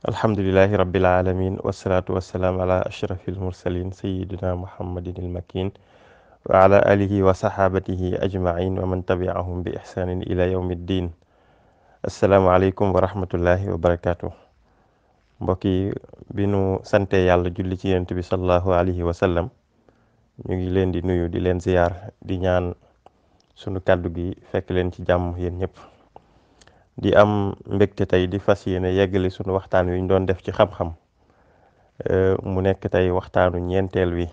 alhamdulilahi rabbil alamin wasalaatu wasalaam ala ashrafil mursalin sayidina muhammadin almakin wa ala wa saxaabatihi ajmain wa man tabiahum bi ixsanin ila yawmi ddin asalaamualeykum wa rahmatullahi wa barakatuh mbokk yi bi nu sante yàlla julli ci yonent bi ngi leen di nuyu di leen ziyaar di ñaan sunu kàddu gi fekk leen ci jàmm yéen ñëpp di am mbégte tey di fas yéene yeggali sunu waxtaan wi ñu doon def ci xam-xam euh, mu nekk tey waxtaanu ñeenteel wi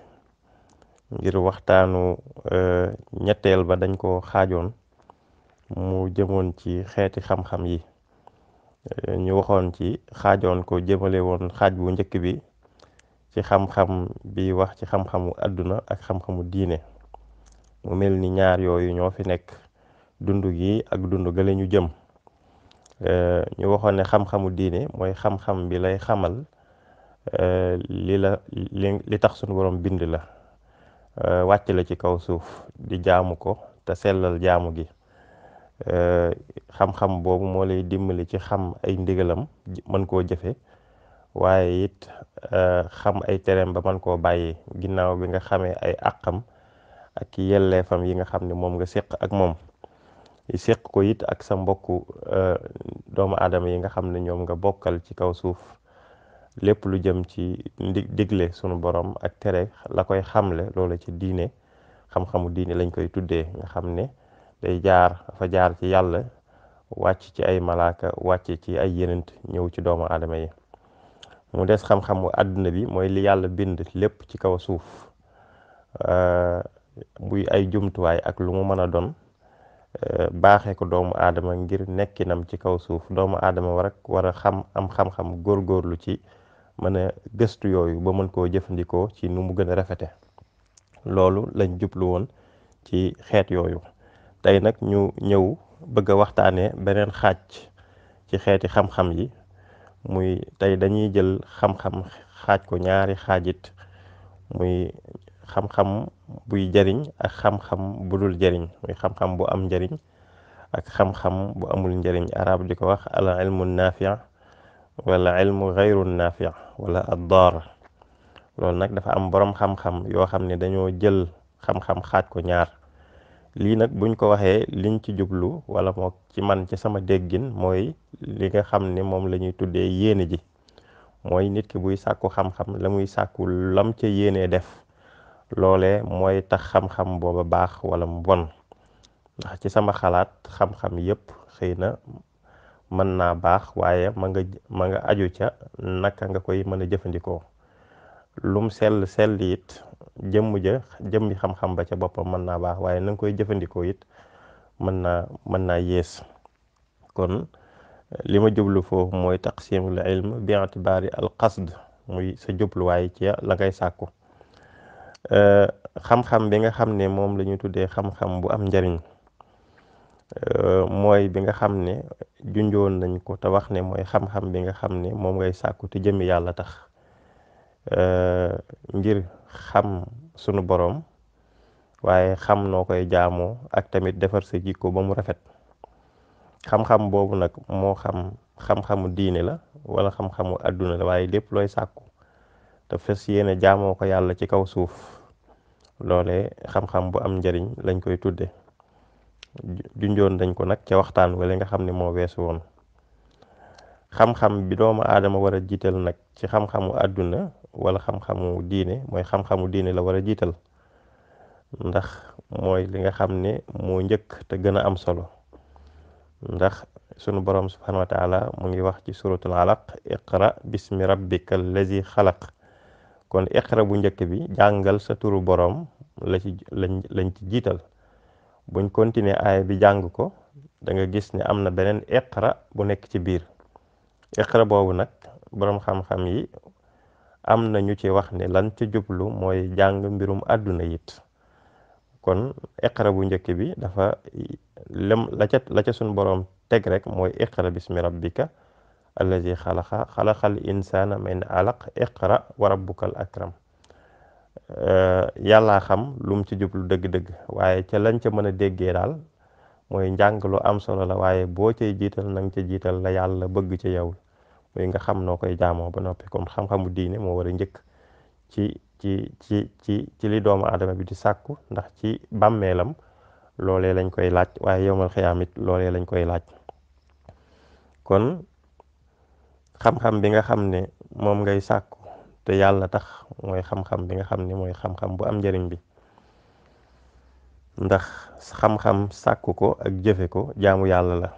ngir waxtaanu euh, ñetteel ba dañ ko xaajoon mu jëmoon ci xeeti xam-xam yi euh, ñu waxoon ci xaajoon ko jëmale woon xaaj bu njëkk bi ci xam-xam bi wax ci xam-xamu àdduna ak xam-xamu diine mu mel ni ñaar yooyu ñoo fi nekk dund gi ak dundu gële ñu jëm Euh, ñu waxoon ne xam-xamu diine mooy xam-xam bi lay xamal euh, li la li tax sunu borom bind la euh, wàcc la ci kaw suuf di jaamu ko te sellal jaamu gi xam-xam boobu moo lay dimbali ci xam ay ndigalam mën koo jëfe waaye it xam ay tereem ba man koo bàyyi ginnaaw bi nga xamee ay àqam ak yelleefam yi nga xam ne moom nga séq ak moom seq ko it ak sa mbokku euh, doomu aadama yi nga xam ne ñoom nga bokkal ci kaw suuf lépp lu jëm ci digle sunu borom ak tere la koy xamle loola ci diine xam-xamu diine lañ koy tuddee nga xam ne day jaar fa jaar ci yàlla wàcc ci ay malaaka wàcc ci ay yenent ñëw ci doomu aadama yi mu des xam-xamu àdduna bi mooy li yàlla bind lépp ci kaw suuf buy euh, ay jumtuwaay ak lu mu mën a doon Euh, baaxee ko doomu aadama ngir nekkinam ci kaw suuf doomu aadama wara war a xam am xam-xam góorgóorlu ci mën a gëstu yooyu ba mën koo jëfandikoo ci nu mu gën a rafete loolu lañ jublu woon ci xeet yooyu tey nag ñu ñëw bëgg a waxtaanee beneen xaaj ci xeeti xam-xam yi muy tey dañuy jël xam-xam xaaj ko ñaari xaajit muy xam-xam buy jariñ ak xam-xam bu dul jariñ muy xam-xam bu am njariñ ak xam-xam bu amul njariñ arab di ko wax al ilmu naafia wala ilmu xayru naafia wala addaar loolu nag dafa am boroom xam-xam yoo xam ne dañoo jël xam-xam xaaj ko ñaar lii nag buñ ko waxee liñ ci jublu wala moo ci man ci sama déggin mooy li nga xam ne moom lañuy tuddee yéene ji mooy nit ki buy sàkku xam-xam la muy sàkku lam ci yéenee def loole mooy tax xam-xam booba baax wala mu bon ndax ci sama xalaat xam-xam yépp xëy na mën naa baax waaye ma nga ma nga aju ca naka nga koy mën a jëfandikoo lum sell sell yit jëmm ja jëmmi xam-xam ba ca boppam mën naa baax waaye na koy jëfandikoo yit mën naa mën naa yées kon li ma jublu foofu mooy taqsimul ilm bi itibaari al qasd muy sa jubluwaay ci la ngay sàkku Euh, xam-xam bi nga xam ne moom la ñu tuddee xam-xam bu am njariñ euh, mooy bi nga xam ne junjoon lañ ko te wax ne mooy xam-xam bi nga xam ne moom ngay sàkku te jëmi yàlla tax euh, ngir xam sunu borom waaye xam noo koy jaamoo ak tamit defar sa jikko ba mu rafet xam-xam boobu nag moo xam xam diine la wala xam-xamu àdduna la waaye lépp looy sàkku te fes yéene jaamoo ko yàlla ci kaw suuf loole xam-xam bu am njariñ lañ koy tudde junjoon dañ ko nag ca waxtaan wala nga xam ne moo weesu woon xam-xam bi doomu aadama war a jiital nag ci xam-xamu àdduna wala xam-xamu diine mooy xam-xamu diine la war a jiital ndax mooy li nga xam ne moo njëkk te gën a am solo ndax sunu borom subhanahu wa taala ngi wax ci suratul alaq iqra bismi rabbika allazi xalaq kon iqra bu njëkk bi jàngal sa turu borom la ci lañ lañ ci jiital buñ continuer aaya bi jàng ko da nga gis ni am na beneen iqra bu nekk ci biir iqra boobu nag boroom xam-xam yi am na ñu ci wax ne lañ ci jublu mooy jàng mbirum àdduna yit kon iqra bu njëkk bi dafa lem la ca la ca suñ boroom teg rekk mooy iqra bismi rabbika alladi xalaqa xalaqal insana min alaq iqra wa rabbukal akram yàllaa xam lu mu ci jublu dëgg-dëgg waaye ca lañ ca mën a déggee daal mooy njàng lu am solo la waaye boo cay jiital na nga ca jiital la yàlla bëgg ca yow muy nga xam noo koy jaamoo ba noppi kon xam-xamu diine moo war njëkk ci ci ci ci ci li doomu aadama bi di sàkku ndax ci bàmmeelam loole lañ koy laaj waaye yowmal xiyaam it lañ koy laaj kon xam-xam bi nga xam ne moom ngay sàkku te yàlla tax mooy xam-xam bi nga xam ni mooy xam-xam bu am njariñ bi ndax xam-xam sàkku ko ak jëfe ko jaamu yàlla la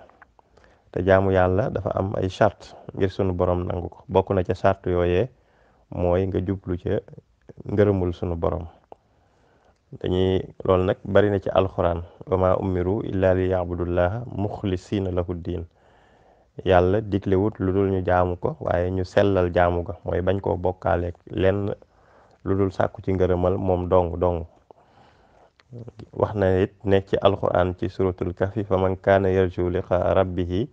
te jamu yàlla dafa am ay charte ngir sunu borom nangu ko bokk na ca charte yooyee mooy nga jublu ca ngërëmul sunu borom dañuy loolu nag bari na ci alxuraan wa maa umiru illa li yaabudullaha muxlisina lahu diin yàlla diglewut lu dul ñu jaamu ko waaye ñu sellal jaamu ga mooy bañ koo bokkaaleeg lenn lu dul sàkku ci ngërëmal moom dong dong wax na it ne ci alquran ci suratul kafi fa man kaana yarju liqaa rabbihi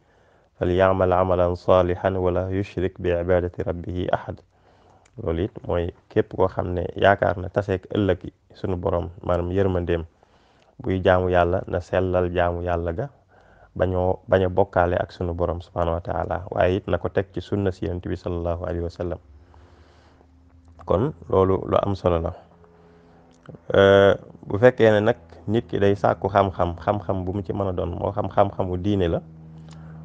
fal yaamal amalan salihan wala yushrik bi ibadati rabbihi ahad loolu mooy képp koo xam ne yaakaar na taseek ëllëg sunu borom maanaam yërmandeem buy jaamu yàlla na sellal jaamu yàlla ga bañoo bañ a bokkaale ak sunu borom subhanahu wa taala waaye it na ko teg ci sunna si yonent bi sallallahu alayhi wa sallam kon loolu lu am solo la bu fekkee ne nag nit ki day sàkku xam-xam xam bu mu ci mën a doon moo xam xam-xamu diine la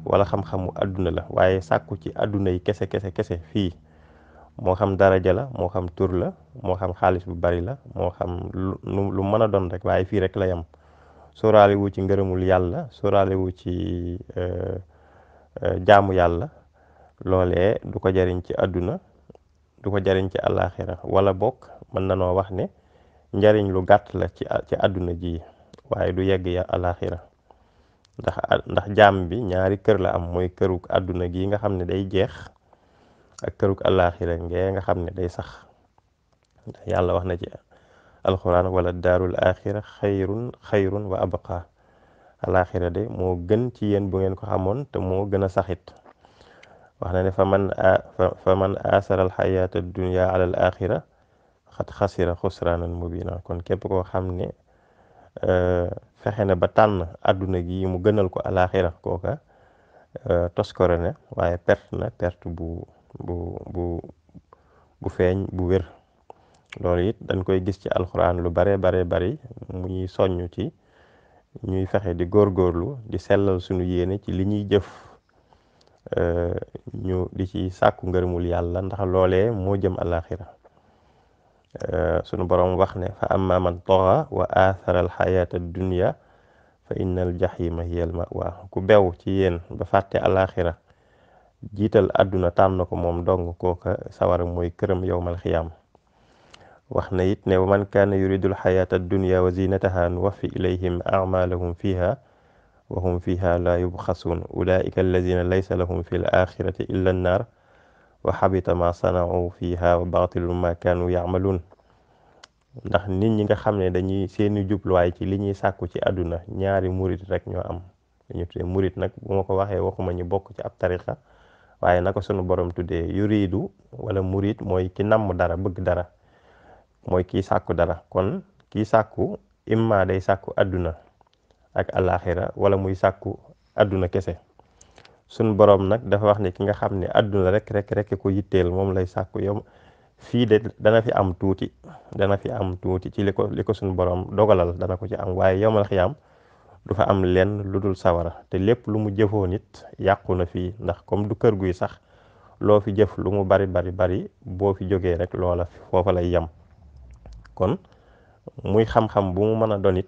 wala xam-xamu àdduna la waaye sàkku ci àdduna yi kese kese kese fii moo xam daraja la moo xam tur la moo xam xaalis bu bari la moo xam lu lu mën a doon rek waaye fii rek la yam sóoraale wu ci ngërëmul yàlla sóoraale ci euh, euh, jaamu yàlla loole du ko jariñ ci àdduna du ko jariñ ci àllaaxira wala bokk mën na noo wax ne njariñ lu gàtt la ci ci àdduna ji waaye du yegg ya àllaaxira ndax ndax jaam bi ñaari kër la am mooy këruk àdduna gi nga xam ne day jeex ak këruk àllaaxira ngee nga xam ne day sax yàlla wax na ci alxuraan wala daarul axira xayrun xayrun wa abqa alaxira de moo gën ci bu ngeen ko xamoon te moo gën a saxit wax na ne fa man fa man asara alxayaata dunia ala al mubina kon képp koo xam ne euh, fexe na ba tànn àdduna gi mu gënal ko alaxira kooka euh, toskore na waaye perte na perte bu bu bu feeñ bu wér loolu it dañ koy gis ci alxuraan lu bare bare bari mu ñuy soññ ci ñuy fexe di góorgóorlu di sellal suñu yéene ci li ñuy jëf ñu di ci sàkku ngërëmul yàlla ndax loole moo jëm alaxira sunu borom wax ne fa amma man toxa wa athara alxayata dunia fa inna al jaxima hiya al ku bew ci yéen ba fàtte alaxira jiital àdduna na ko moom dong kooka sawara mooy këram yowmal xiyaam wax na it ne man kaana yuridul xayaata dunya wa zinataha nuwaffi ilayhim amalahum fiha wa hum fiha la yubxasuun ulaika allazina laysa lahum fi l axirati illa annaar wa xabita ma sanau fiha wa baatilu ma kaanu yaamaluun ndax nit ñi nga xam ne dañuy seeni jubluwaay ci li ñuy sàkku ci àdduna ñaari murit rek ñoo am dañu tuddee murit nag bu ma ko waxee waxuma ñu bokk ci ab tarixa waaye naka sunu borom tuddee yuridu wala murit mooy ki namm dara bëgg dara mooy kii sàkku dara kon kii sàkku imma day sàkku àdduna ak alaxira wala muy sàkku àdduna kese sun borom nag dafa wax ni ki nga xam ne àdduna rek rek rek ko yitteel moom lay sàkku yow fii de dana fi am tuuti dana fi am tuuti ci li ko li ko suñu borom dogalal dana ko ci am waaye yowmal xiyaam du fa am lenn lu dul sawara te lépp lu mu jëfoo nit yàqu na fii ndax comme du kër guy sax loo fi jëf lu mu bari bari bari boo fi jógee rek loola foofa lay yem kon muy xam-xam bu mu mën a doon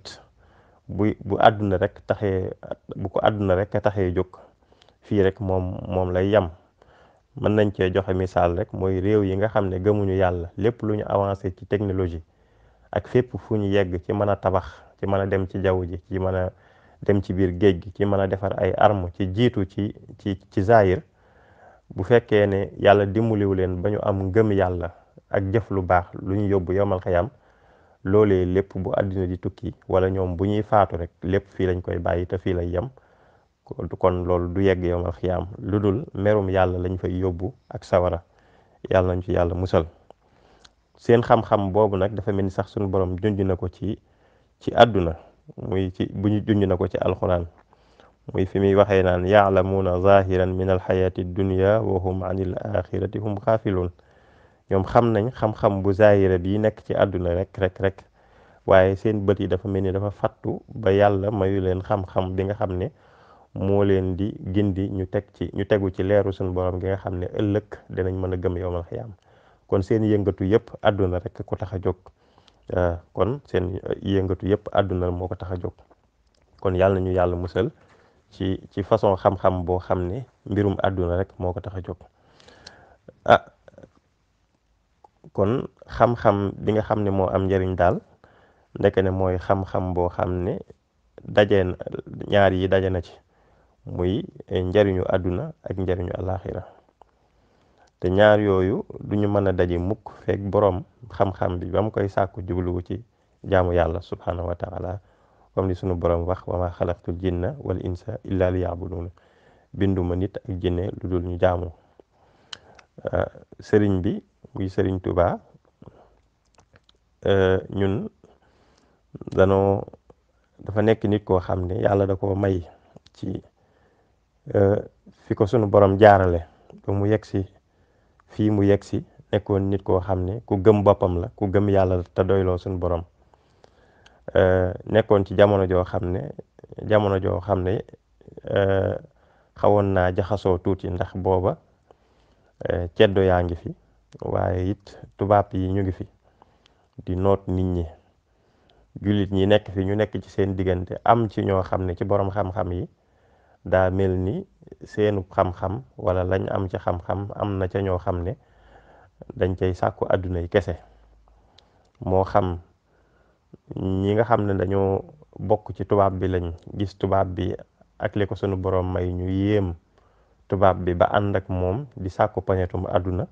bu bu àdduna rek taxee bu ko àdduna rek taxee jóg fii rek moom moom lay yam mën nañ cee joxe misaal rek mooy réew yi nga xam ne gëmuñu yàlla lépp lu ñu avancé ci technologie ak fépp fu ñu yegg ci mën a tabax ci mën a dem ci jaww ji ci mën a dem ci biir géej gi ci mën a defar ay arme ci jiitu ci ci ci zaayir bu fekkee ne yàlla dimbaliwu leen ba ñu am ngëm yàlla ak jëf lu baax lu ñu yóbbu yomal xayam loolee lépp bu àddina di tukki wala ñoom bu ñuy faatu rek lépp fii lañ koy bàyyi te fii lay yem kon loolu du yegg yowmal xiyaam lu dul merum yàlla lañ fa yóbbu ak sawara yàlla nañ ci yàlla musal seen xam-xam boobu nag dafa mel ni sax suñu borom junj na ko ci ci àdduna muy ci bu ñu na ko ci alxuraan muy fi muy waxee naan yaalamuuna zahiran min alxayaati dunya wa hum anil axirati hum xaafiluun ñoom xam nañ xam-xam bu zaayira bi nekk ci àdduna rek rek rek waaye seen bët yi dafa mel ni dafa fattu ba yàlla mayu leen xam-xam bi nga xam ne moo leen di gindi ñu teg ci ñu tegu ci leeru suñu borom gi nga xam ne ëllëg dinañ mën a gëm yowmal xiyaam kon seen yëngatu yëpp àdduna rek ko tax a jóg kon seen yëngatu yëpp àdduna moo ko tax a jóg kon yàlla yàlla musal ci ci façon xam boo xam ne mbirum àdduna rek moo ko tax a jóg ah, kon xam-xam bi nga xam ne moo am njariñ daal ndeke ne mooy xam-xam boo xam ne daje na daje na ci muy njariñu àdduna ak njariñu alaaxira te ñaar yooyu duñu mën a daje mukk fekk boroom xam-xam bi ba koy sàkku jubluwu ci jaamu yàlla subhaanahu wa taala comme li sunu borom wax wa ma xalaqtul jinna wal insa illa li yaabuduuna binduma nit ak jinne lu dul ñu jaamu sëriñ bi muy Serigne Touba euh, ñun danoo dafa nekk nit koo xam ne yàlla da koo may ci euh, fi ko sunu borom jaarale ba mu yegg si fii mu yegg si nekkoon nit koo xam ne ku gëm boppam la ku gëm yàlla te doyloo sunu borom euh, nekkoon ci jamono joo xam ne jamono joo xam ne xawoon naa jaxasoo tuuti ndax booba ceddo yaa ngi fi waaye it tubaab yi ñu ngi fi di noot nit ñi jullit ñi nekk fi ñu nekk ci seen diggante am ci ñoo xam ne ci boroom xam-xam yi daa mel ni seenu xam-xam wala lañ am ci xam-xam am na ca ñoo xam ne dañ cay sàkku àdduna yi kese moo xam ñi nga xam ne dañoo bokk ci tubaab bi lañ gis tubaab bi ak li ko sunu borom may ñu yéem tubaab bi ba ànd moom di sàkku pañetum àdduna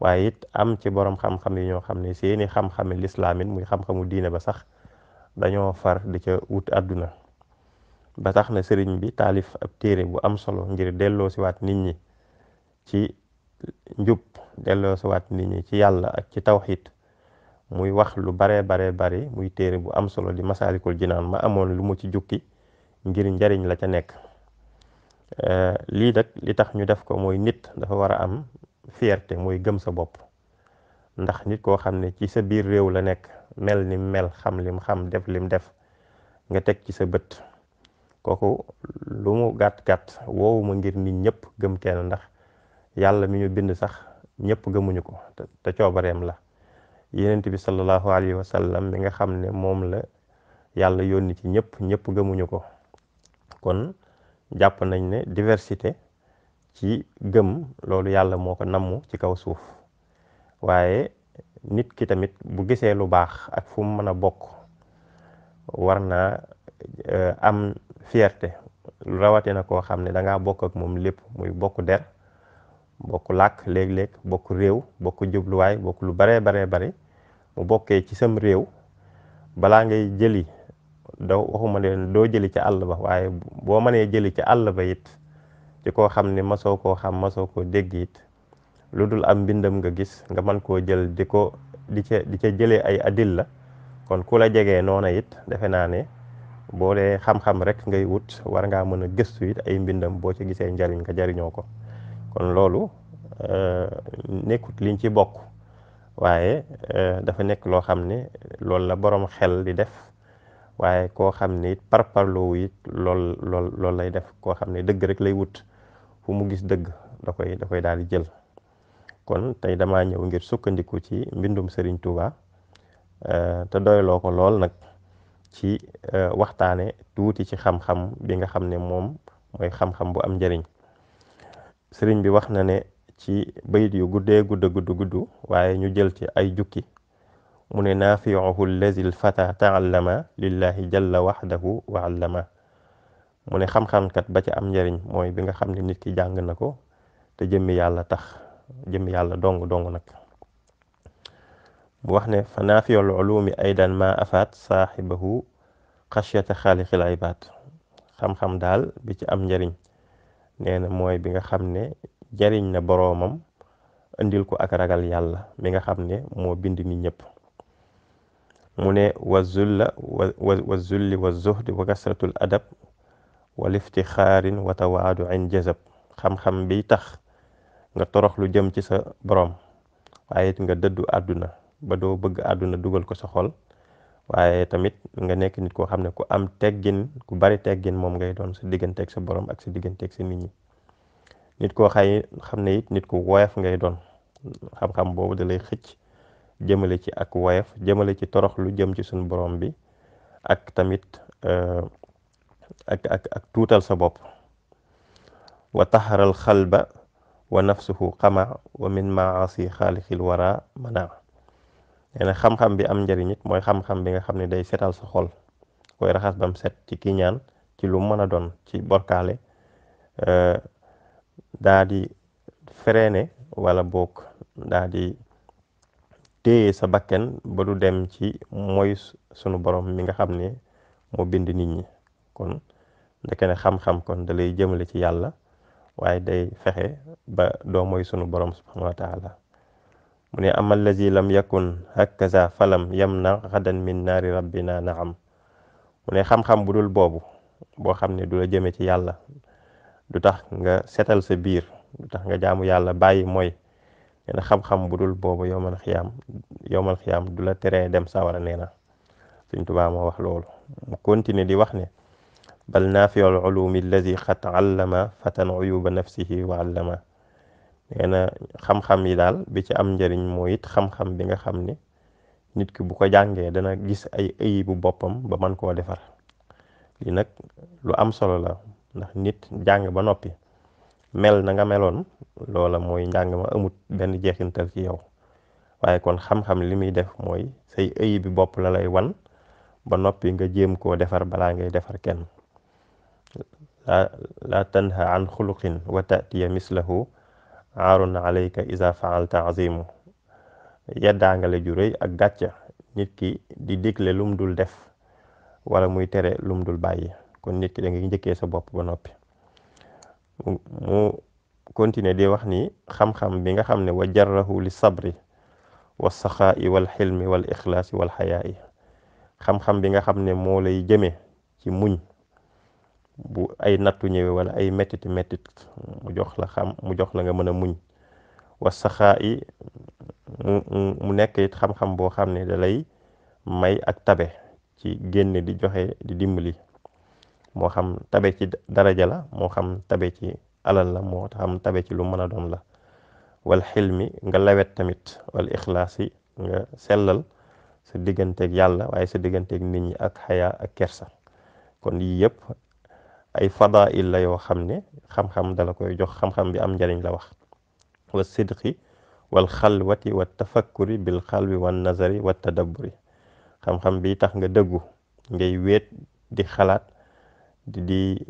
waaye it am ci boroom xam-xam yi ñoo xam ne seeni xam-xami lislaam muy xam-xamu diine ba sax dañoo far di ca wut àdduna ba tax na sëriñ bi taalif ab téere bu am solo ngir delloo siwaat nit ñi ci njub delloo siwaat nit ñi ci yàlla ak ci tawxid muy wax lu baree baree bari muy téere bu am solo di masaalikul jinaan ma amoon lu mu ci jukki ngir njariñ la ca nekk eh, lii nag li tax ñu def ko mooy nit dafa war a am fierté mooy gëm sa bopp ndax nit koo xam ne ci sa biir réew la nekk mel ni mel xam lim xam def lim def nga teg ci sa bët kooku lu mu gàtt-gàtt woowu ma ngir nit ñëpp gëm kenn ndax yàlla mi ñu bind sax ñëpp gëmuñu ko te coobareem la yenent bi sallallahu alayhi wa sallam nga xam ne moom la yàlla yónni ci ñëpp ñëpp gëmuñu ko kon jàpp nañ ne diversité ci gëm loolu yàlla moo ko namm ci kaw suuf waaye nit ki tamit bu gisee lu baax ak fu mu mën a bokk war naa eh, am fierté lu rawatina koo xam ne danga bokk ak moom lépp muy bokk der bokk làkk léeg-léeg bokk réew bokk jubluwaay bokk lu baree baree bari mu bokkee ci sam réew balaa ngay jëli doo waxuma de doo jëli ci àll ba waaye boo mënee jëli ci àll ba yit ci ko xam ne masoo koo xam masoo koo dégg it lu dul am mbindam nga gis nga man koo jël di ko di ca di ca jëlee ay adil la kon ku la jegee noona it defe naa ne boo dee xam-xam rek ngay wut war ngaa mën a gëstu it ay mbindam boo ci gisee njariñ nga jariñoo ko kon loolu euh, nekkut liñ ci bokk waaye euh, dafa nekk loo xam ne loolu la borom xel di def waaye koo xam ne it parparloowu it lool lool loolu lay def koo xam ne dëgg rek lay wut fu mu gis dëgg da koy daal di jël kon tey damaa ñëw ngir sukkandiku ci mbindum Serigne Touba euh, te doyloo ko lool nag ci euh, waxtaane tuuti ci xam-xam bi nga xam ne moom mooy xam-xam bu am njariñ sëriñ bi wax na ne ci bayit yu guddee gudd gudd gudd waaye ñu jël ci ay jukki mu ne naafiuhu allazi lfata taallama lillahi jalla waxdahu wa allama mu ne xam-xamkat ba ca am njariñ mooy bi nga xam ne nit ki jàng na ko te jëmmi yàlla tax jëmmi yàlla dong dong nag mu wax ne fa naafiyul ulumi aydan ma afaat saaxibahu xashyata xaaliqil ibaad xam-xam daal bi ci am njariñ nee mooy bi nga xam ne jariñ na boroomam indil ko ak ragal yàlla mi nga xam ne moo bind nit ñëpp mu ne wa zulla wa wa zulli wa zuhdi wa kasratul adab wal iftixaarin wa tawaaduin jazab xam-xam bi tax nga torox lu jëm ci sa borom waaye it nga dëddu àdduna ba doo bëgg àdduna dugal ko sa xol waaye tamit nga nekk nit koo xam ne ku am teggin ku bari teggin moom ngay doon sa digganteeg sa borom ak sa digganteeg sa nit ñi nit ko xay xam ne it nit ku woyof ngay doon xam-xam boobu da lay xëcc jëmale ci ak woyof jëmale ci torox lu jëm ci suñu borom bi ak tamit euh, ak tuutal sa bopp wa taxaral xalba wa nafsuhu xama wa min maasi xaalixil wara mana nee na xam-xam bi am njëriñ mooy xam-xam bi nga xam ne day setal sa xol koy raxas bam set ci kiñaan ci lu mën a doon ci borkaale euh, daadi di ne wala bokk daadi di sa bakken ba du dem ci moy sunu borom mi nga xam ne moo bind nit ñi kon ndeke ne xam-xam kon da lay jëmale ci yàlla waaye day fexe ba doo moy sunu borom subhanahu wa mu ne amal lazi lam yakun hakaza falam yam na xadan min naari na naam mu ne xam-xam bu dul boobu boo xam ne du la jëme ci yàlla du tax nga setal sa biir du tax nga jaamu yàlla bàyyi mooy nee na xam-xam bu dul boobu yowmal xiyaam yowmal xiyaam du la teree dem sawara nee na Sëñ Tuubaa moo wax loolu mu continuer di wax ne bal naa naafiu lulumi alladi xat allama fatan uyuba nafsihi wa allama nee na xam-xam yi daal bi ci am njëriñ mooy it xam-xam bi nga xam ne nit ki bu ko jàngee dana gis ay ayibu boppam ba man koo defar lii nag lu am solo la ndax nit jàng ba noppi mel na nga meloon loola mooy njàng ma amut benn jeexintal ci yow waaye kon xam-xam li muy def mooy say ayibi bopp la lay wan ba noppi nga jéem koo defar balaa ngay defar kenn laa laa tanha an xuluqin wa tatiya mislahu aarun alayka isa faalta azimu yeddaangale ju réy ak gàcca nit ki di digle lum dul def wala muy tere lum dul bàyyi kon nit ki da ngay njëkkee sa bopp ba noppi mu continuer di wax ni xam-xam bi nga xam ne wa jarrahu li sabri wa saxaa'i wal xilmi wal ixlaasi wal xayaa yi xam-xam bi nga xam ne moo lay jëmee ci muñ bu ay nattu ñëwee wala ay mettiti mettit mu jox la mu jox la nga mën a muñ wa saxaa mu mu nekk it xam-xam boo xam ne da lay may ak tabe ci génne di joxe di dimbali moo xam tabe ci daraja la moo xam tabe ci alal la moo xam tabe ci lu mën a doom la wal xilmi nga lawet tamit wal ixlaas yi nga sellal sa digganteeg yàlla waaye sa digganteeg nit ñi ak xayaa ak kersa kon yii ay fadail la yoo xam ne xam-xam dala koy jox xam-xam bi am njariñ la wax wa sidqi wal xalwati wa tafakkuri bil xalwi wan nazari wa tadabburi xam-xam bi tax nga dëggu ngay wéet di xalaat di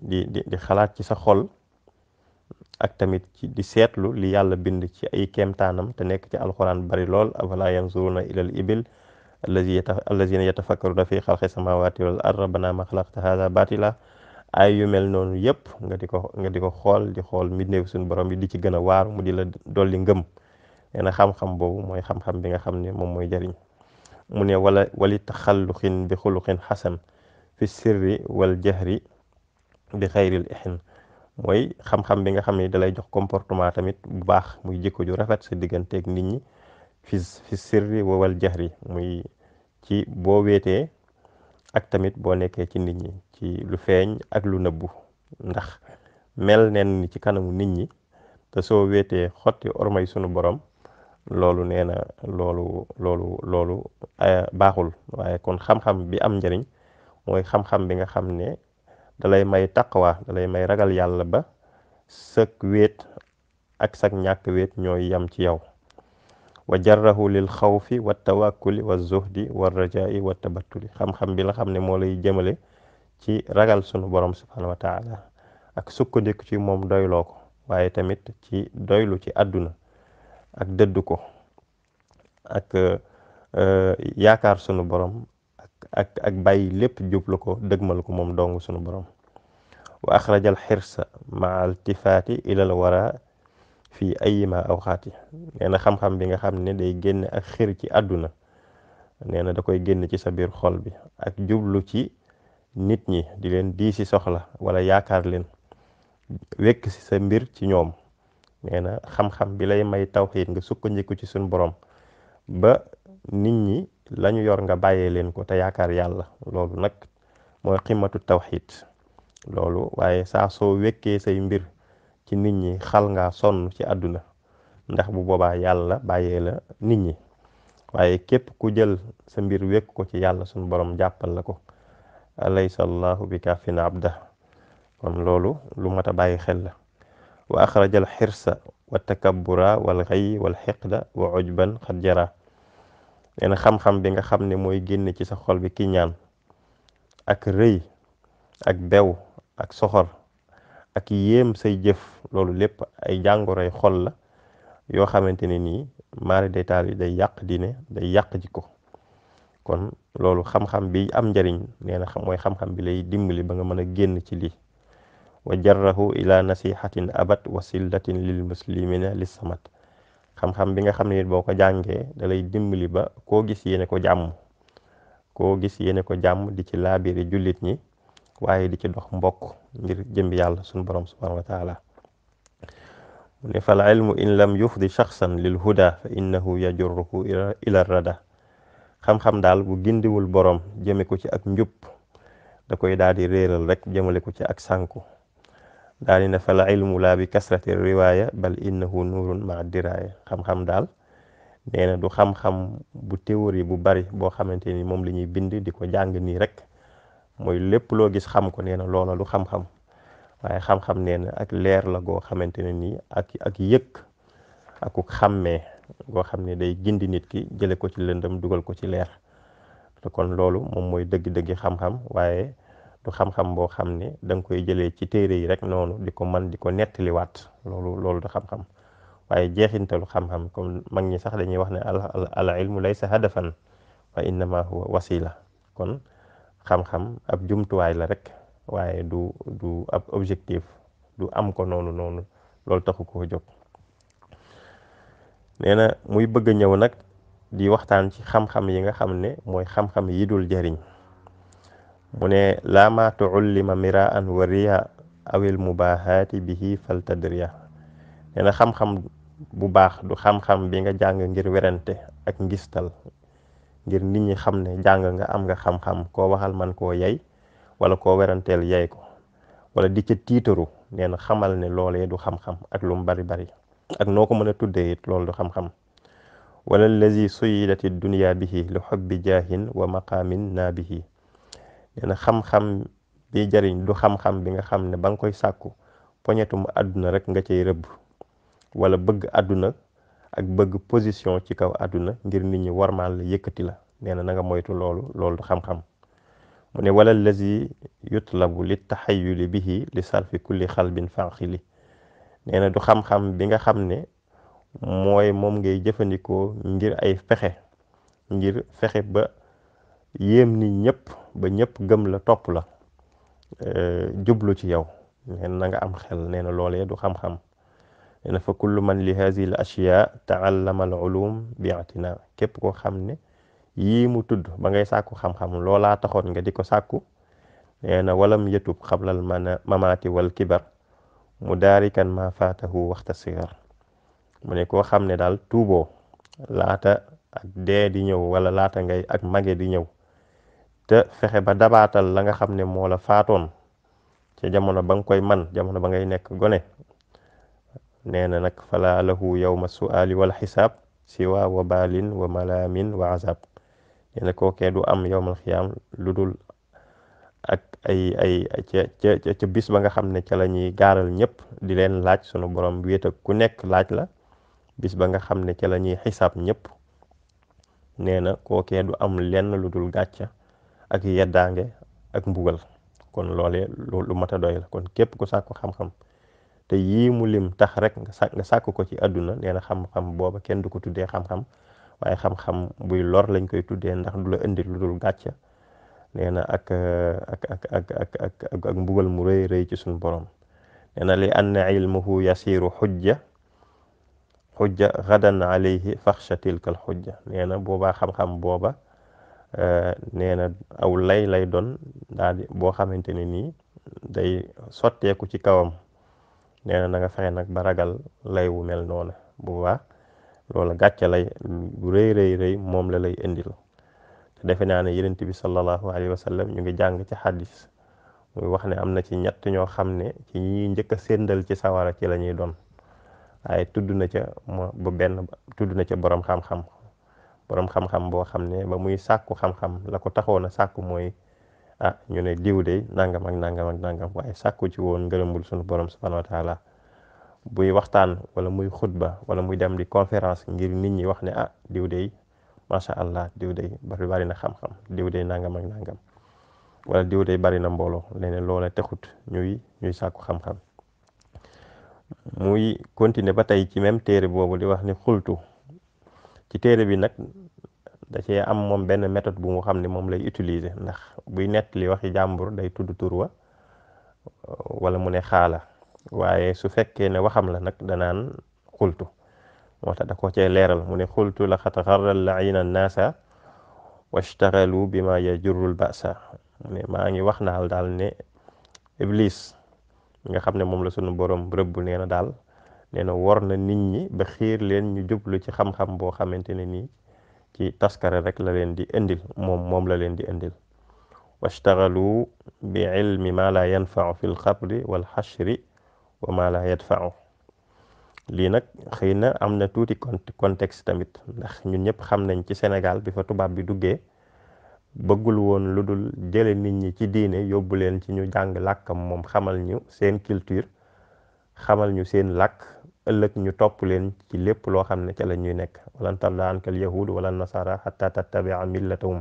di di xalaat ci sa xol ak tamit ci di seetlu li yàlla bind ci ay kéemtaanam te nekk ci alxuraan bari lool afala yanzuruna ilal ibil allazina yatafakkaruna fi xalqi samawati wal ard rabbana ma xalaqta hada batila ay yu noonu yëpp nga di ko nga di ko xool di xool mbindeef suñu borom yi di ci gën a waaru mu di la dolli ngëm nee na xam-xam boobu mooy xam bi nga xam ne moom mooy jariñ mu ne wala wali taxalluxin bi xuluxin xasan fi sirri wal jahri bi xayril ixin mooy xam-xam bi nga xam ne dalay jox comportement tamit bu baax muy jikko ju rafet sa digganteeg nit ñi fi fi sirri wal jahri muy ci boo weetee ak tamit boo nekkee ci nit ñi ci lu feeñ ak lu nëbbu ndax mel neen ni ci kanamu nit ñi te soo wéetee xotti ormay sunu borom loolu nee na loolu loolu loolu eh, baaxul waaye kon xam-xam bi am njëriñ mooy xam-xam bi nga xam ne dalay may taqwa dalay may ragal yàlla ba sëk wéet ak sak ñàkk wéet ñooy yam ci yow wa jarrahu lil xawfi wa tawakkuli wa zuhdi wa rajai wa tabattuli xam-xam bi la xam ne moo lay jëmale ci ragal sunu borom subhanahu wa ak sukkandiku ci moom doyloo ko waaye tamit ci doylu ci àdduna ak dëdd ko ak euh, yaakaar sunu borom ak bay ak bàyyi lépp jublu ko dëgmal ko moom dong sunu borom wa axraja al xirsa maa altifaati ilal wara fii ayima aw xaati nee na xam-xam bi nga xam ne day génn ak xir ci àdduna nee na da koy génn ci sa biir xol bi ak jublu ci nit ñi di leen dii si soxla wala yaakaar leen wekk si sa mbir ci ñoom nee na xam-xam bi lay may tawxiit nga sukkandiku ci suñ borom ba nit ñi lañu yor nga bàyyee leen ko te yaakaar yàlla loolu nag mooy ximmatu tawxiit loolu waaye saa soo wekkee say mbir ci nit ñi xal ngaa sonn ci àdduna ndax bu boobaa yàlla bàyyee la nit ñi waaye képp ku jël sa mbir wékk ko ci yàlla suñu boroom jàppal la ko alaysa allahu bi kaafin abda kon loolu lu mat a bàyyi xel la wa axraja al xirsa wa takabbura wal xay wal xiqda wa ujban xad jara leen xam-xam bi nga xam ni mooy génne ci sa xol bi ki ñaan ak rëy ak bew ak soxor ak yéem say jëf loolu lépp ay jàngoroy xol la yoo xamante ne nii maari day taal yi day yàq dine day yàq jikko kon loolu xam-xam bi am njariñ nee xam mooy xam-xam bi lay dimbali ba nga mën a génn ci lii wa jarrahu ila nasihatin abat wa sillatin lil muslimina lis samat xam-xam bi nga xam ne boo ko jàngee da lay dimbali ba koo gis yéene ko jàmm koo gis yéene ko jàmm di ci laabiri jullit ñi waaye di ci dox mbokk ngir jëmbi yàlla suñu borom subhanahu wa taala mu ne fal ilmu in lam yufdi shaxsan lil huda fa innahu yajurruhu ila rada xam-xam daal bu gindiwul borom jëme ko ci ak njub da koy daal di réeral rek jëmale ko ci ak sànku daal di ne fal ilmu laa bi kasrati riwaaya bal innahu nuurun maa diraaya xam-xam daal nee na du xam-xam bu théorie bu bari boo xamante ni moom la ñuy bind di ko jàng nii rek mooy lépp loo gis xam ko nee na loola lu xam-xam waaye xam-xam nee na ak leer la goo xamante ne nii ak ak yëg aku xàmmee goo xam ne day gindi nit ki jële ko ci lëndam dugal ko ci leer te kon loolu moom mooy dëgg-dëggi xam-xam waaye du xam-xam boo xam ne da koy jële ci téere yi rek noonu di ko man di ko nettaliwaat loolu loolu du xam-xam waaye jeexintalu xam-xam comme mag ñi sax dañuy wax ne al ilmu laysa hadafan wa innama huwa wasila kon xam-xam ab jumtuwaay la rek waaye du du ab objectif du am ko noonu noonu loolu taxu ko jog nee na muy bëgg ñëw nag di waxtaan ci xam-xam yi nga xam ne mooy xam-xam yi dul jëriñ mu ne laa ma tuullima miraan wa riya awil mubahaati bihi faltadriya nee na xam-xam bu baax du xam-xam bi nga jàng ngir werante ak ngistal ngir nit ñi xam ne jàng nga am nga xam-xam koo waxal man koo yay wala koo weranteel yay ko wala di ca tiitaru nee xamal ne loolee du xam-xam ak lu bari bari ak noo ko mën a tuddee it loolu du xam-xam wala lazi suyidati dunia bihi li xobbi jaahin wa maqaamin naa bihi nee na xam-xam bi jariñ du xam-xam bi nga xam ne ba nga koy sàkku poñetum àdduna rek nga cay rëbb wala bëgg àdduna ak bëgg position ci kaw àdduna ngir nit ñi warmaal la yëkkati la nee na na moytu loolu loolu xam-xam mu ne wala lazi yutlabu li taxayuli bihi li sarfi kulli xalbin fanqili nee na du xam-xam bi nga xam ne mooy moom ngay jëfandikoo ngir ay fexe ngir fexe ba yéem ni ñëpp ba ñëpp gëm la topp la euh, jublu ci yow nee na am xel nee loolee du xam-xam ne fa kullu man li haadihi l ashyaa taallama al bi atina képp koo xam ne yii mu tudd ba ngay sàkku xam-xam laa taxoon nga di ko sàkku na walam yatub xablal mana mamaati wal kibar mu daarikan ma faatahu waxta sigar mu ne koo xam ne daal tuubo laata ak dee di ñëw wala laata ngay ak mage di ñëw te fexe ba dabaatal la nga xam ne moo faatoon ca jamono ba nga koy man jamono ba ngay nekk gone nee na nag fala lahu yowma suaali wal xisaab siwa wa baalin wa malaamin wa azab nee na kookee du am yowmal xiyaam lu dul ak ay ay ca ca bis ba nga xam ne ca la ñuy gaaral ñëpp di leen laaj sunu borom wéet ak ku nekk laaj la bis ba nga xam ne ca la ñuy xisaab ñëpp nee na du am lenn lu dul gàcca ak yeddaange ak mbugal kon loole lu mat a doy kon képp ku sàkku xam-xam te yii mu lim tax rek nga sa sàkk ko ci àdduna nee na xam-xam booba kenn du ko tuddee xam-xam waaye xam buy lor lañ koy tuddee ndax du la indi lu dul gàcce nee na ak ak ak ak ak ak mbugal mu rëy rëy ci suñu borom nee na li ann ilmuhu yasiru xujja xujja gadan alayhi faxsha tilka al xujja nee na boobaa xam-xam booba eh, nee na aw lay lay doon daal boo xamante ne nii day sotteeku ci kawam nee na na nga fexe nag ba ragal lay wu mel noona bu waa loolu gàcce lay rëy rëy moom la lay indil te defe naa ne yonent bi sallallahu alayhi wa ñu ngi jàng ci xadis muy wax ne am na ci ñett ñoo xam ne ci ñi njëkk a séndal ci sawara ci la ñuy doon waaye tudd na ca ba benn na ca borom xam-xam boroom xam-xam boo xam ne ba muy sàkku xam-xam la ko taxoon a sàkku mooy. ah ñu ne diw de nangam ak nangam ak nangam waaye sàkku ci woon ngërëmul sunu borom subhanahu wa taala buy waxtaan wala muy xutba wala muy dem di conférence ngir nit ñi wax ne ah diw de macha allah diw de bari na xam-xam diw nangam ak nangam wala diw de bari na mbooloo leneen loola texut ñuy ñuy sàkku xam-xam muy continuer ba tey ci même téere boobu di wax ni xultu ci téere bi nag da cee am moom benn méthode bu mu xam ne moom lay utiliser ndax buy nettali waxi jàmbur day tudd tur wa wala mu ne xaala waaye su fekkee ne waxam la nag danaan xultu moo tax da ko cee leeral mu ne xultu la xat xarral laina naasa washtaxalu bi ma yajurul basa mu ne maa ngi wax naal daal ne iblis nga xam ne moom la sunu borom rëbb nee na daal nee na wor na nit ñi ba xiir leen ñu jublu ci xam-xam boo xamante ne nii ci taskare rek la leen di indil moom moom la leen di indil washtagaluu bi ilmi maa laa yanfaau fi lxabri walxashri wa maa laa yadfaau lii nag xëy na am na tuuti contexte tamit ndax ñu ñëpp xam nañ ci Sénégal bi fa tubaab bi duggee bëggul woon lu dul jële nit ñi ci diine yóbbu leen ci ñu jàng làkkam moom xamal ñu seen culture xamal ñu seen lakk ëllëg ñu topp leen ci lépp loo xam ne ca la ñuy nekk walan tarda anka al yahud wala nasara xata tattabia millatahum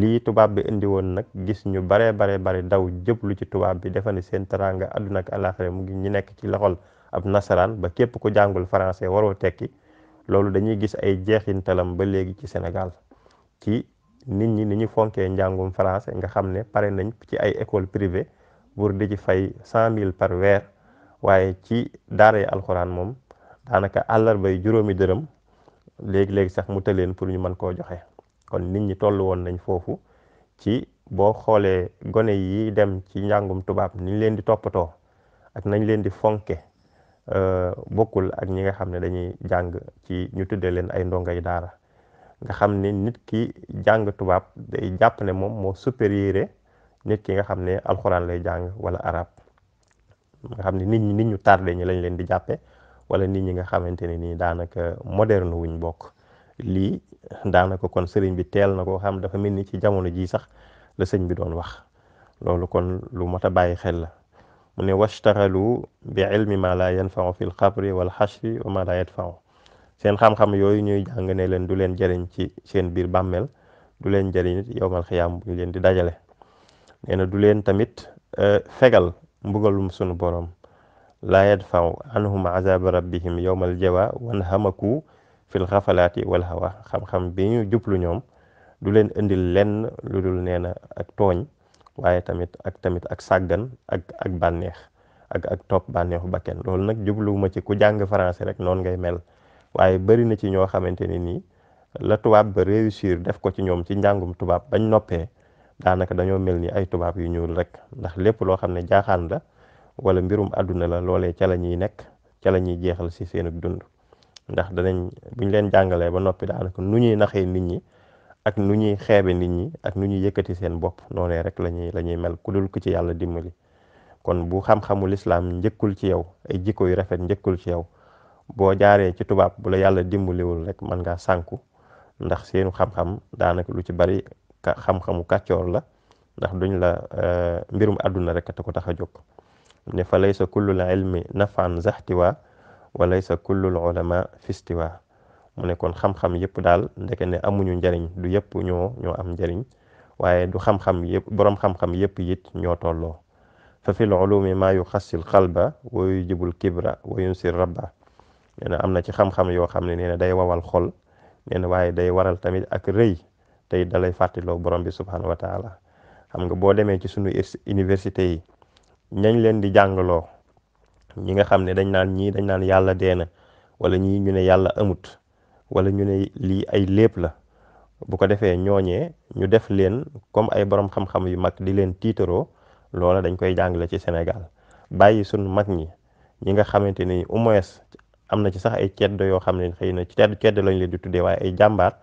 lii tubaab bi indi woon nag gis ñu baree bare bare daw lu ci tubaab bi defa ne seen teraanga àdduna ak àllaaxira mu ngi ñu nekk ci loxol ab nasaraan ba képp ku jàngul français waroo tekki loolu dañuy gis ay jeexintalam ba léegi ci senegal ci nit ñi ni ñu fonkee njàngum français nga xam ne pare nañ ci ay école privée pour di ci fay cent mille par weer waaye ci daara yi alxuraan moom daanaka àllarbay juróomi dërëm léegi-léegi sax mu tëleen pour ñu mën koo joxe kon nit ñi toll woon nañ foofu ci boo xoolee gone yi dem ci njàngum tubaab niñ leen di toppatoo ak nañ leen di fonke euh, bokkul ak ñi nga xam ne dañuy jàng ci ñu tuddee leen ay ndongay daara nga xam ne nit ki jàng tubaab day jàpp ne moom moo supérieur nit ki nga xam ne alxuraan lay jàng wala arab nga xam ne nit ñi nit ñu tardé ñi lañ leen di jàppe wala nit ñi nga xamante ne nii daanaka moderne wuñ bokk lii daanaka kon sëriñ bi teel na koo xam dafa mel ni ci jamono jii sax la sëñ bi doon wax loolu kon lu mat a bàyyi xel la mu ne washtaralu bi ilmi ma la yanfau fi l xabri wal xashri wa ma la yadfau seen xam-xam yooyu ñuy jàng ne leen du leen jëriñ ci seen biir bàmmeel du leen jëriñ yowmal xiyaam bu leen di dajale nee du leen tamit euh, fegal mbugalum sunu borom laa yadfaw anhum azaba rabbihim yowmal jawa wan hamaku fil xafalaati wal hawa xam-xam bi ñu jublu ñoom du leen indil lenn lu dul nee na ak tooñ waaye tamit ak tamit ak sàggan ak ak bànneex ak ak topp bànneexu bakken loolu nag jubluwuma ci ku jàng français rek noonu ngay mel waaye bari na ci ñoo xamante ne nii la tubaab ba réussir def ko ci ñoom ci njàngum tubaab bañ noppee daanaka dañoo mel ni ay tubaab yu ñuul rek ndax lépp loo xam ne jaaxaan la wala mbirum àdduna la loolee ca la ñuy nekk ca la ñuy jeexal si seenug dund ndax danañ buñ leen jàngalee ba noppi daanaka nu ñuy naxee nit ñi ak nu ñuy xeebe nit ñi ak nu ñuy yëkkati seen bopp noonee rek la ñuy la mel ku dul ku ci yàlla dimbali kon bu xam-xamu lislaam njëkkul ci yow ay jikko yu rafet njëkkul ci yow boo jaaree ci tubaab bu la yàlla dimbaliwul rek mën nga sànku ndax seenu xam daanaka lu ci bari xam-xamu kàccoor la ndax duñ la euh, mbirum àdduna rek te ko tax a jóg ne fa laysa kullul ilmi nafan zaxtiwa wa laysa kullul ulama fistiwa mu ne kon xam-xam yëpp daal ndeke ne amuñu njariñ du yëpp ñoo ñoo am njariñ waaye du xam-xam yëpp boroom xam yëpp it ñoo tolloo fa fil ulumi maa yu xassil xalba wa yujibul kibra wa yunsir rabba nee na am na ci xam-xam yoo xam ne nee day wawal xol nee na waaye day waral tamit ak rëy tey dalay fàttiloo borom bi subhanahu wa taala xam nga boo demee ci suñu université yi ñañ leen di jàngaloo ñi nga xam ne dañ naan ñii dañ naan yàlla deena wala ñii ñu ne yàlla amut wala ñu ne lii ay lépp la bu ko defee ñooñee ñu def leen comme ay borom xam-xam yu mag di leen tiitaroo loola dañ koy jàngale ci Sénégal bàyyi sunu mag ñi ñi nga xamante ni au moins am na ci sax ay ceddo yoo xam ne xëy na ci ceddo lañ leen di tuddee waaye ay jàmbaar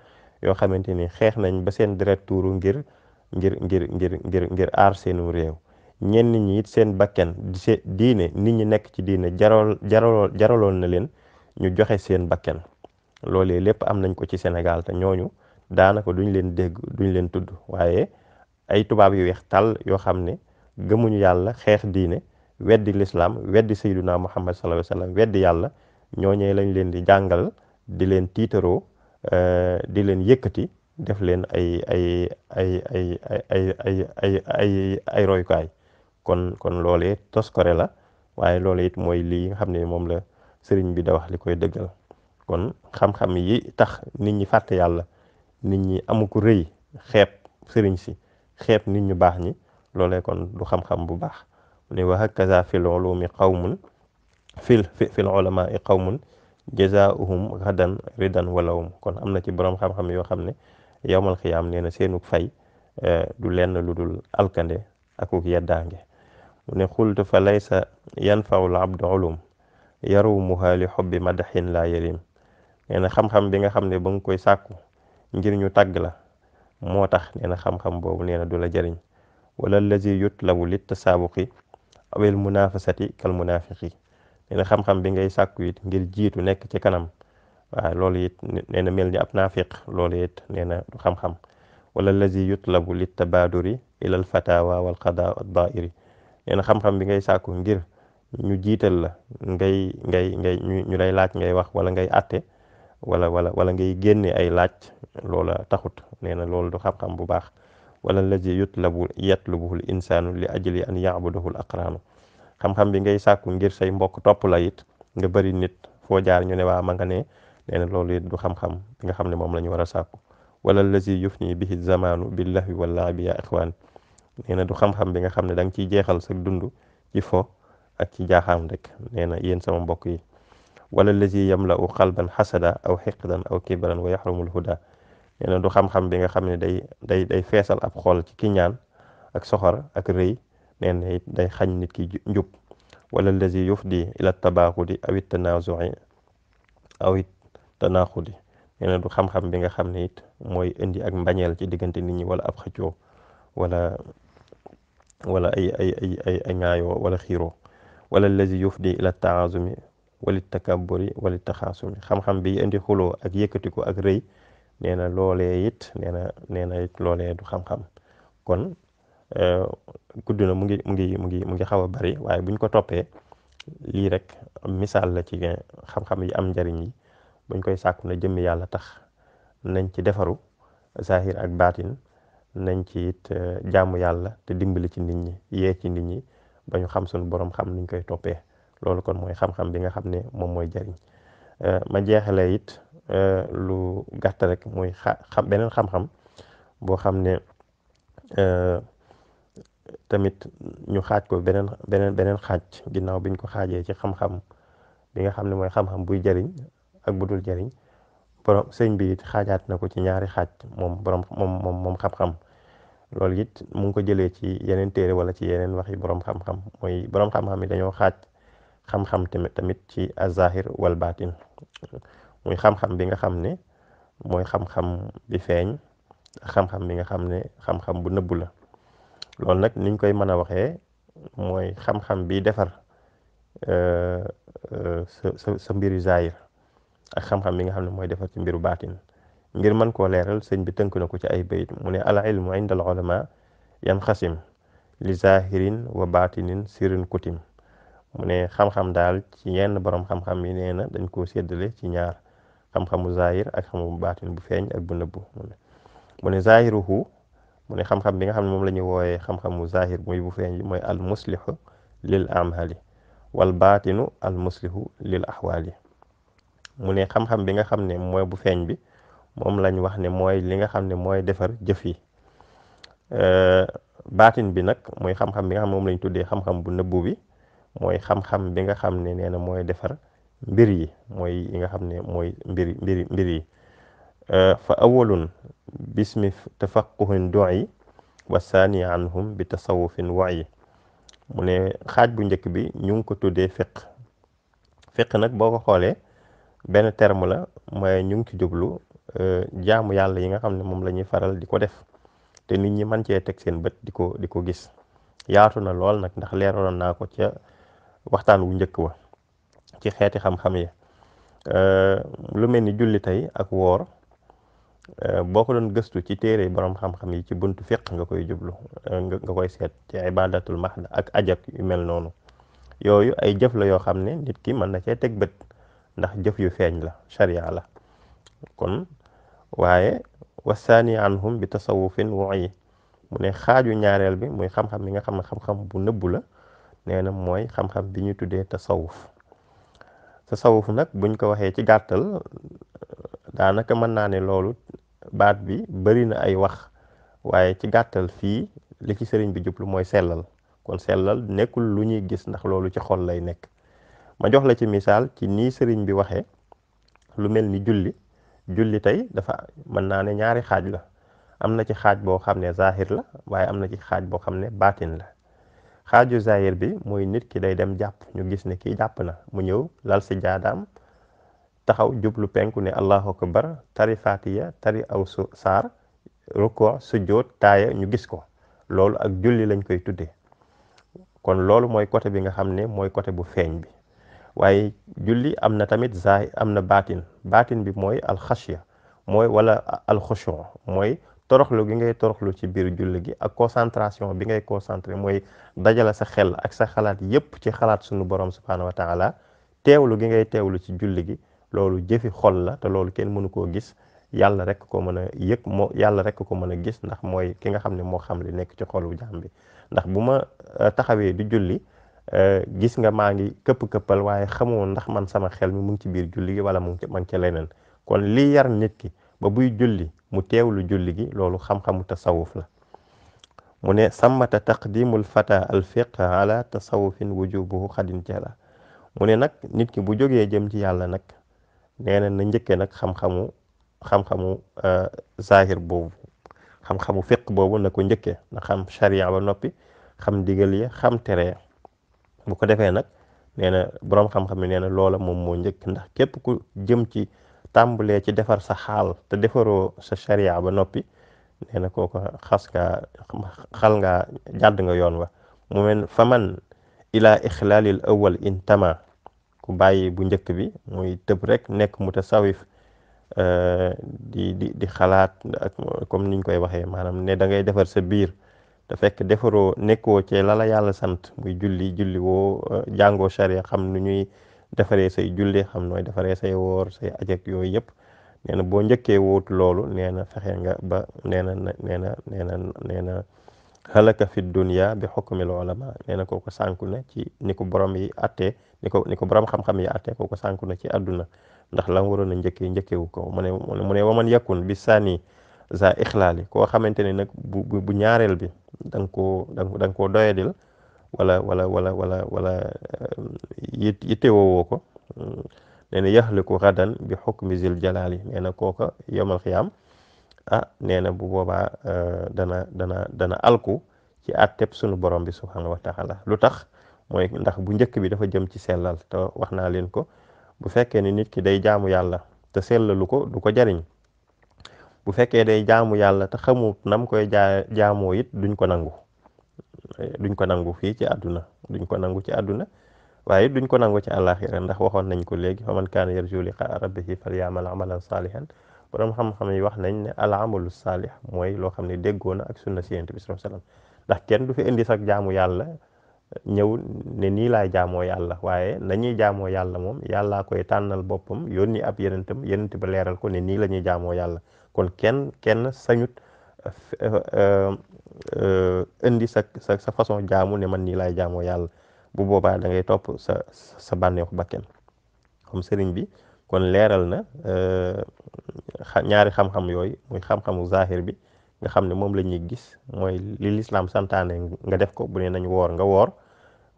yoo xamante ni xeex nañ ba seen deret ngir ngir ngir ngir ngir aar seenu réew ñenn ñi it seen bakkan diine nit ñi nekk ci diine jaral jaral jaraloon na leen ñu joxe seen bakkan loolee lépp am nañ ko ci senegal te ñooñu daanaka duñ leen dégg duñ leen tudd waaye ay tubaab yu weex tàll yoo xam ne gëmuñu yàlla xeex diine weddi lislaam weddi sayduna muhammad sallallahu alayhi wasallam weddi yàlla ñooñee lañ leen di jàngal di leen tiitaroo Eh, di leen yëkkati def leen ay ay ay ay ay ay ay ay ay royukaay kon kon loole toskore la waaye loole it mooy lii nga xam ne moom la sëriñ bi da wax li koy dëggal kon xam-xam yi tax nit ñi fàtte yàlla nit ñi amu ko rëy xeeb sëriñ si xeeb nit ñu baax ñi loolee kon du xam-xam bu baax ne wa hakaza fil ulumi qawmun fil fil ulama i qawmun jazaa'uhum ghadan ridan walawum kon am na ci borom xam-xam yoo xam ne yowmal xiyaam nee na seenug fay eh, du lenn lu dul alkande akuk yeddaange mu ne xultu fa laysa yanfaul abdu ulum yarumuha li xobbi madaxin laa yarim nee xam-xam bi nga xam ne ba nga koy sàkku ngir ñu tàgg la moo tax nee na xam-xam boobu nee na du la jëriñ wala lazi yutlabu lit tasaabuqi awil munafasati kal munafiqi nee na xam-xam bi ngay sàkku it ngir jiitu nekk ci kanam waaw loolu it nee mel ni ab naafiq loolu it nee na du xam-xam wala lazi yutlabu lit tabaaduri ilal fatawa wal qada bi ngay sàkku ngir ñu jiital la ngay ngay ngay ñu lay laaj ngay wax wala ngay atte wala wala wala ngay génne ay laaj loola taxut nee na loolu du xam-xam bu baax wala lazi yutlabu yatlubuhu l insaanu li ajli an yaabudahu l aqraanu xam-xam bi ngay sàkku ngir say mbokk topp layit nga bëri nit foo jaar ñu ne waa ma nga ne nee na loolu it du xam-xam bi nga xam ne moom la ñu war a sàkku wala lazi yufni bihi zamaanu billahi wallaabi ya ixwaan nee na du xam bi nga xam ne da nga ciy jeexal sag dund ci fo ak ci jaaxaam rek nee na yéen sama mbokk yi wala lazi yamla u xalban xasada aw xiqdan aw kibran wa yaxrumul huda nee na du xam-xam bi nga xam ne day day day feesal ab xool ci kiñaan ak soxor ak rëy nee na it day xañ nit ki njub wala lazi la ila di awit tanazui awit tanaxudi nee na du xam-xam bi nga xam ne it mooy indi ak mbañeel ci diggante nit ñi wala ab xëccoo wala wala ay ay ay ay ay ŋaayoo wala xiiroo wala lazi yufdi ila taazumi walit takaburi wali taxaasumi xam-xam bi indi xuloo ak yëkkatiku ak rëy nee na loolee it nee na nee du xam-xam kon Euh, gudd na mu ngi mu ngi mu ngi mu ngi xaw a bari waaye buñ ko toppee lii rek misaal la ci xam-xam yi am njariñ yi buñ koy sàkku na jëmm yàlla tax nañ ci defaru zahir ak baatin nañ ci it euh, jaamu yàlla te dimbali ci nit ñi yee ci nit ñi ba xam suñu borom xam nuñ koy toppee loolu kon mooy xam-xam bi nga xam ne moom mooy jariñ euh, ma jeexalee it lu gàtt rek muy xam beneen xam-xam boo xam ne tamit ñu xaaj ko beneen beneen beneen xaaj ginnaaw biñ ko xaajee ci xam-xam bi nga xam ne mooy xam-xam buy jariñ ak bu dul jariñ borom sëñ bi xaajaat na ko ci ñaari xaaj moom borom moom moom moom xam-xam loolu it mu ngi ko jëlee ci yeneen téere wala ci yeneen waxi borom xam-xam mooy borom xam-xam dañoo xaaj xam-xam tamit ci azahir wal batin muy xam-xam bi nga xam ne mooy xam-xam bi feeñ xam-xam bi nga xam ne xam-xam bu nëbbu la. loolu nag niñ koy mën a waxee mooy xam-xam bi defar euh, euh, sa sa sa mbiru zaahir ak xam-xam bi nga xam ne mooy defar ci mbiru baatin ngir mën koo leeral sëñ bi tënk na ko ci ay bayit mu ne al ilmu inda al ulama yanqasim li zahirin wa baatinin sirin kutim mu ne xam-xam daal ci ñenn borom xam-xam yi nee na dañ koo séddale ci ñaar xam-xamu zaahir ak xam-xamu baatin bu feeñ ak bu nëbbu mu ne zaahiruhu mu ne xam-xam bi nga xam ne moom la ñu wooyee xam-xamu zahir muy bu feeñ mooy al muslihu lil amhali wal baatinu al muslihu lil ahwaali mu ne xam bi nga xam ne mooy bu feeñ bi moom lañ wax ne mooy li nga xam ne mooy defar jëf yi euh, baatin bi nag mooy xam-xam bi nga xam ne moom lañ tuddee xam bu nëbbu bi mooy xam bi nga xam ne nee na mooy defar mbir yi mooy yi nga xam ne mooy mbir mbir mbir yi fa awalun bismi tafaquhin doyi wa saani anhum bi tasawufin wayi mu ne xaaj bu njëkk bi ñu ngi ko tuddee fiq fiq nag boo ko xoolee benn terme la mooy ñu ngi ci jublu euh, jaamu yàlla yi nga xam ne moom la ñuy faral di ko def te nit ñi mën cee teg seen bët di ko di ko gis yaatu na lool nag ndax leeraloon naa ko ca waxtaan wu njëkk wa ci xeeti xam-xam yi euh, lu mel ni julli tey ak woor Euh, boo ko doon gëstu ci téere borom xam-xam yi ci buntu fiq nga koy jublu euh, nga koy seet ci ibadatul mahda ak ajak yu mel noonu yooyu ay jëf la yoo xam ne nit ki mën na cee teg bët ndax jëf yu feeñ la sharia la kon waaye wasaani anhum bi tasawufin wuyi mu ne xaaju ñaareel bi muy xam-xam bi nga xam ne xam bu nëbbu la nee na mooy xam-xam bi ñu tuddee tasawuf tasawuf nag buñ ko waxee ci gàttal daanaka mën naa ne loolu baat bi bari na ay wax waaye ci gàttal fii li ci sëriñ bi jublu mooy sellal kon sellal nekkul lu ñuy gis ndax loolu ci xol lay nekk ma jox la ci misaal ci nii sëriñ bi waxee lu mel ni julli julli tey dafa mën naa ne ñaari xaaj la am na ci xaaj boo xam ne zahir la waaye am na ci xaaj boo xam ne baatin la xaaju zahir bi mooy nit ki day dem jàpp ñu gis ne kii jàpp na mu ñëw lal si jaadaam taxaw jublu penku ne allahu akbar tari fatiya tari aw su saar rukkoo sujjoot taaya ñu gis ko loolu ak julli lañ koy tuddee kon loolu mooy côté bi nga xam ne mooy côté bu feeñ bi waaye julli am na tamit zaay am na baatin baatin bi mooy alxashiya mooy wala alxushu mooy toroxlu gi ngay toroxlu ci biir julli gi ak concentration bi ngay concentré mooy dajala sa xel ak sa xalaat yépp ci xalaat sunu borom subhaanahu wa taala teewlu gi ngay teewlu ci julli gi loolu jëfi xol la te loolu kenn mënu koo gis yàlla rekk ko mën a yëg moo yàlla rek ko mën a gis ndax mooy ki nga xam ne moo xam li nekk ci xolu jaam bi ndax bu ma euh, taxawee du julli euh, gis nga maa ngi këpp-këppal waaye xamoo ndax man sama xel mi mu ngi ci biir julli gi wala mu ngi ci man ca leneen kon lii yar nit ki ba buy julli mu teew lu julli gi loolu xam-xamu tasawuf la mu ne sammata taqdimul fata al fiqh ala tasawufin wujubuhu xadin jala mu ne nag nit ki bu jógee jëm ci yàlla nag nee na njëkkee nag xam-xamu xam-xamu euh, zahir boobu xam-xamu fiq boobu na ko njëkkee na xam charia ba noppi xam digal yi xam tere bu ko defee nag nee na boroom xam-xam yi nee na loola moom moo njëkk ndax képp ku jëm ci tàmbalee ci defar sa xaal te defaroo sa charia ba noppi nee na ko xas nga xal nga jàdd nga yoon wa mu men faman ila ixlaalil awal intama ku bàyyi bu njëkk bi muy tëb rek nekk mutasawif euh, di di di xalaat ak comme niñ koy waxee maanaam ne da ngay defar sa biir te fekk defaroo nekkoo cee la la yàlla sant muy julli julli woo euh, jàngoo charia xam nu ñuy defaree say julli xam nooy defaree say woor say ajak yooyu yëpp nee na boo njëkkee wóotu loolu nee na fexe nga ba nee na nee na na xalaka fi dunia bi xukmil ulama nee na kooku sànku na ci ni ko borom yi attee ni ko ni ko borom xam-xam yi attee kooku sànku na ci àdduna ndax la waroon a njëkkee njëkkewu ko mu ne mu ne waman yakun bi sani za ixlaali koo xamante ne nag bu bu ñaareel bi da nga koo da nga koo doyadil wala wala wala wala wala eh, yittewoowoo ko mm. nee na yaxliku xadan bi xukmi zil jalaali kooka yomal xiyaam ah nee na bu boobaa euh, dana dana dana alku ci atteb sunu borom bi subhanahu wa taala lu tax mooy ndax bu njëkk bi dafa jëm ci sellal te wax naa leen ko bu fekkee ne nit ki day jaamu yàlla te sellalu ko du ko jariñ bu fekkee day jamu yàlla te xamu nam koy jaa jaamoo it duñ ko nangu duñ ko nangu fii ci àdduna duñ ko nangu ci àdduna waaye duñ ko nangu ci àllaaxira ndax waxoon nañ ko léegi fa man kaana yarju liqaa rabbihi fal yaamal amalan saalihan borom xam-xam yi wax nañ ne al amalu saalix mooy loo xam ne déggoo na ak sunna si yonent bi sallallahu alayhi wasallam ndax kenn du fi indi sax jaamu yàlla ñëw ne nii laay jaamoo yàlla waaye nañuy jaamoo yàlla moom yàllaa koy tànnal boppam yónni ab yenentam yenent ba leeral ko ne nii la ñuy jaamoo yàlla kon kenn kenn sañut eh, eh, indi sa sa sa façon jaamu ne man nii laay jaamoo yàlla bu boobaa da ngay topp sa sa bànneexu bakken comme sëriñ bi kon leeral na euh, ñaari xam-xam yooyu muy xam-xamu zahir bi nga xam ne moom la ñuy gis mooy li lislaam santaane nga def ko bu ne nañ woor nga woor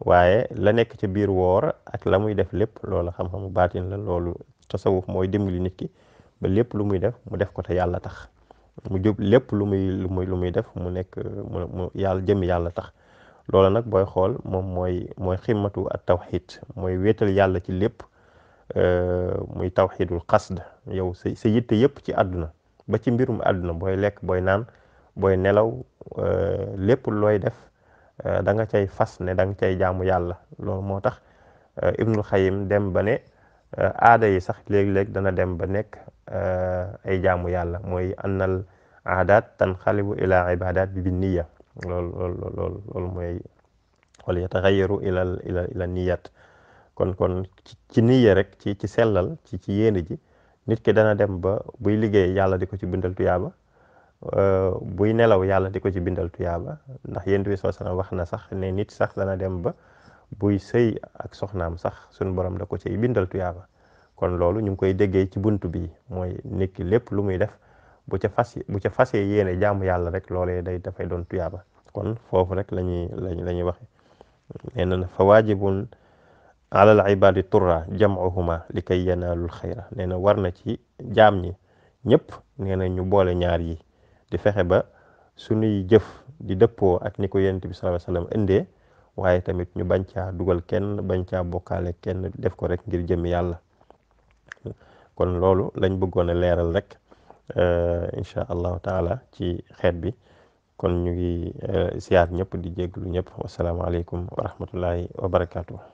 waaye la nekk ci biir woor ak la muy def lépp loolu xam-xamu baatin la loolu tasawuf mooy dimbali nit ki lépp lu muy def mu def ko te yàlla tax mu jub lépp lu muy lu muy lu muy def mu nekk mu yàlla jëmi yàlla tax loola nag booy xool moom mooy mooy ximmatu at tawxid mooy wéetal yàlla ci lépp Euh, muy tawxidul xasd yow sa sa yitte yëpp ci àdduna ba ci mbirum àdduna booy lekk booy naan booy nelaw euh, lépp looy def euh, danga cay fas ne danga cay jaamu yàlla loolu moo tax Ibnul Xayim dem ba ne aada yi sax léeg-léeg dana dem ba nekk ay jaamu yàlla mooy annal aadaat tanqalibu ila ibadat bi bi niya loolu loolu loolu loolu mooy ila ila ila niyat kon kon ci niye rek ci ci sellal ci ci yéene ji nit ki dana dem ba buy liggéey yàlla di ko ci bindal tuyaaba euh, buy nelaw yàlla di ko ci bindal ndax yéen bi soo sana wax na sax ne nit sax dana dem ba buy sëy ak soxnaam sax sunu borom da ko ciy bindal tuyaaba kon loolu ñu ngi koy déggee ci bunt bi mooy nit ki lépp lu muy def bu ca fas bu ca fasee yéene jaamu yàlla rek loolee day dafay doon tuyaaba kon foofu rek lañuy waxe nee fa waajibun alal ibadi turra jam'uhuma li kay yanaalul xayra nee na war na ci jaam ñi ñëpp nee na ñu boole ñaar yi di fexe ba suñuy jëf di dëppoo ak ni ko yonent bi sallallahu alayhi wasallam indee waaye tamit ñu bañ caa dugal kenn bañ caa bokkaale kenn def ko rek ngir jëmi yàlla kon loolu lañ bëggoon a leeral rek euh, incha allahu taala ci xeet bi kon ñu ngi siyaar euh, ñëpp di jéglu ñëpp wasalaamaaleykum wa rahmatullahi